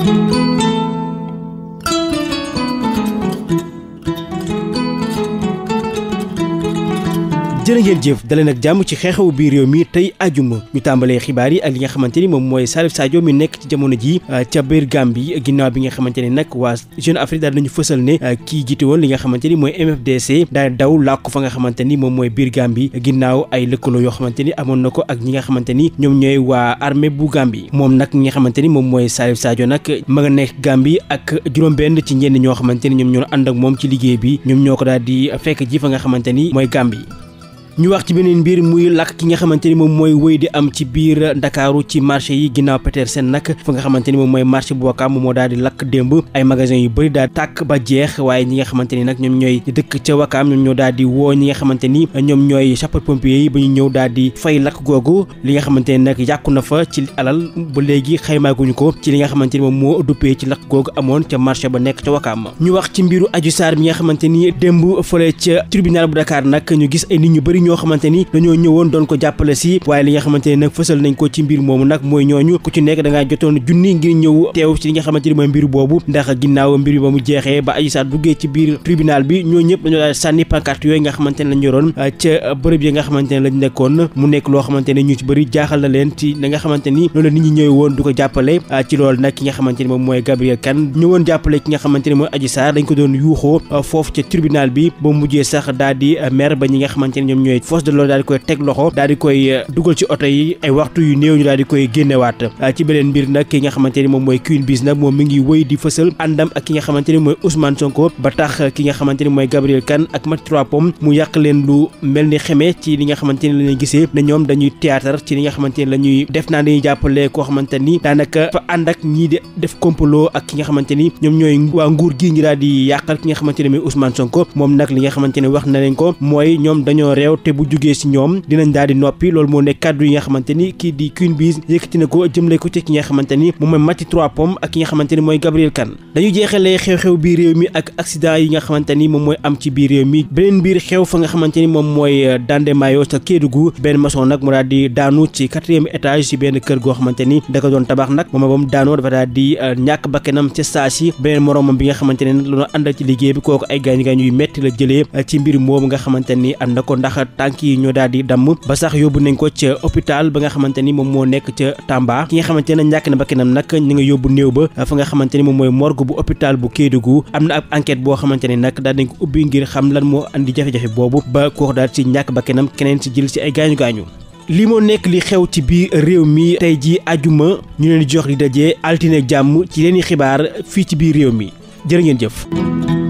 thank you jërë jëf dalee nag jàmm ci xeexewu biir réew mi tey ajuma ñu tàmbalee xibaar yi ak li nga xamante ni moom mooy Salif Sadio mi nekk ci jamono ji euh, ca biir Gambie ginnaaw bi nga xamante ne nag waa Jeune Afrique daal nañu fësal ne euh, kii jiite li nga xamante ni mooy MFDC daal daw làkk fa nga xamante ni moom mooy biir Gambie ginnaaw ay lëkkaloo yoo xamante ni amoon na ko ak ñi nga xamante ni ñoom ñooy waa armée bu Gambie moom nag nga xamante ni moom mooy Salif Sadio nag ma nga nekk Gambie ak juróom-benn ci ñenn ñoo xamante ni ñoom ñoo ànd ak moom ci liggéey bi ñoom ñoo ko daal di fekk ji fa nga xamante ni mooy Gambie ñu wax ci beneen mbir muy lakk ki nga xamante ni moom mooy wëy di am ci biir ndakaaru ci marché yi ginnaaw Petersen nag fa nga xamante ni moom mooy marché bu moo daal di lakk démb ay magasins yu bëri daal tàkk ba jeex waaye ñi nga xamante ni nag ñoom ñooy dëkk ca Wakaam ñoom ñoo daal di woo xamante ni ñoom ñooy sapeur pompier yi ñu ñëw daal di fay lakk googu li nga xamante ni nag yàqu na fa ci alal ba léegi xaymaaguñu ko ci li nga xamante ni moom moo duppee ci lakk googu amoon ca marché ba nekk ca Wakaam ñu wax ci mbiru Adji Sarr bi nga xamante ni démb fële ca tribunal bu Dakar nag ñu gis ay nit ñu bëri ñoo xamante ni dañoo ñëwoon doon ko jàppale si waaye li nga xamante ni nag fësal nañ ko ci mbir moomu nag mooy ñooñu ku ci nekk da ngaa jotoon junni ngir ñëw teew ci li nga xamante ni mooy mbir boobu ndax ginnaaw mbir bi ba mu jeexee ba Adji Sarr duggee ci biir tribunal bi ñoo ñëpp dañoo daal sànni pancarte ne lañ Gabriel Kane ñëwoon jàppale ki nga xamante mooy Adji dañ ko doon yuuxoo foofu ca tribunal bi ba mujjee sax daal mer ba ñi nga xamante ñoom ñëwee force de l'ordre daal di koy teg loxo daal di koy euh, dugal ci oto yi ay waxtu yu néew ñu daal di koy génnewaat euh, ci beneen mbir nag ki nga xamante ni moom mooy Queen Biz nag moom mi ngi wëy di fësal Sonko ba tax ki nga xamante mooy Gabriel Kane ak Maty Trois Pommes mu yàq leen lu mel ni xeme ci li nga xamante ni lañuy gisee ne ñoom dañuy théâtre ci li nga xamante ni la ñuy def naa ni jàppale koo xamante ni daanaka fa ànd ak ñii di def complot ak ki nga xamante ni ñoom ñooy waa nguur gi ngi daal di yàqal ki nga xamante ni mooy Ousmane Sonko moom nag li nga xamante ni na leen te bu jógee si ñoom dinañ daal di noppi loolu moo ne kàddu yi nga xamante ni kii di Queen Biz yëkkati na ko jëmle ko ci ki nga xamante ni moom mooy Maty Trois Pommes ak mooy Gabriel Kane dañu jeexalee réew mi ak accident yi nga xamante ni moom mooy am ci biir réew mi beneen biir xew fa nga xamante ni moom mooy euh, Dandemayo sa Kédougou benn maçon nag mu daanu ci quatrième étage si benn kër goo xamante ni da ko doon tabax nag moom ba mu daanoo dafa daal di euh, ñàkk bakkanam ca saa si beneen moroomam bi nga xamante ne nag lu ànd ci liggéey bi kooku ay gaañ gaañ yu metti la euh, ci mbir moomu nga xamante ni am ko ndax tànk yi ñoo daal di damm ba sax yóbbu nañ ko ca hôpital ba nga xamante ni moom moo nekk ca Tamba ki nga xamante ne ñàkk na bakkanam nag ñu nga yóbbu néew ba fa nga xamante ni moom mooy morgo bu hôpital bu gu am na ab enquête boo xamante ni nag daal nañ ko ubbi ngir xam lan moo indi jafe-jafe boobu ba koox daal ci ñàkk bakkanam keneen si jël si ay gaañu gaañu li moo nekk li xew ci biir réew mi tey ji ajuma ñu leen jox di dajee altine jàmm ci leen i xibaar fii ci biir réew mi jërë ngeen jëf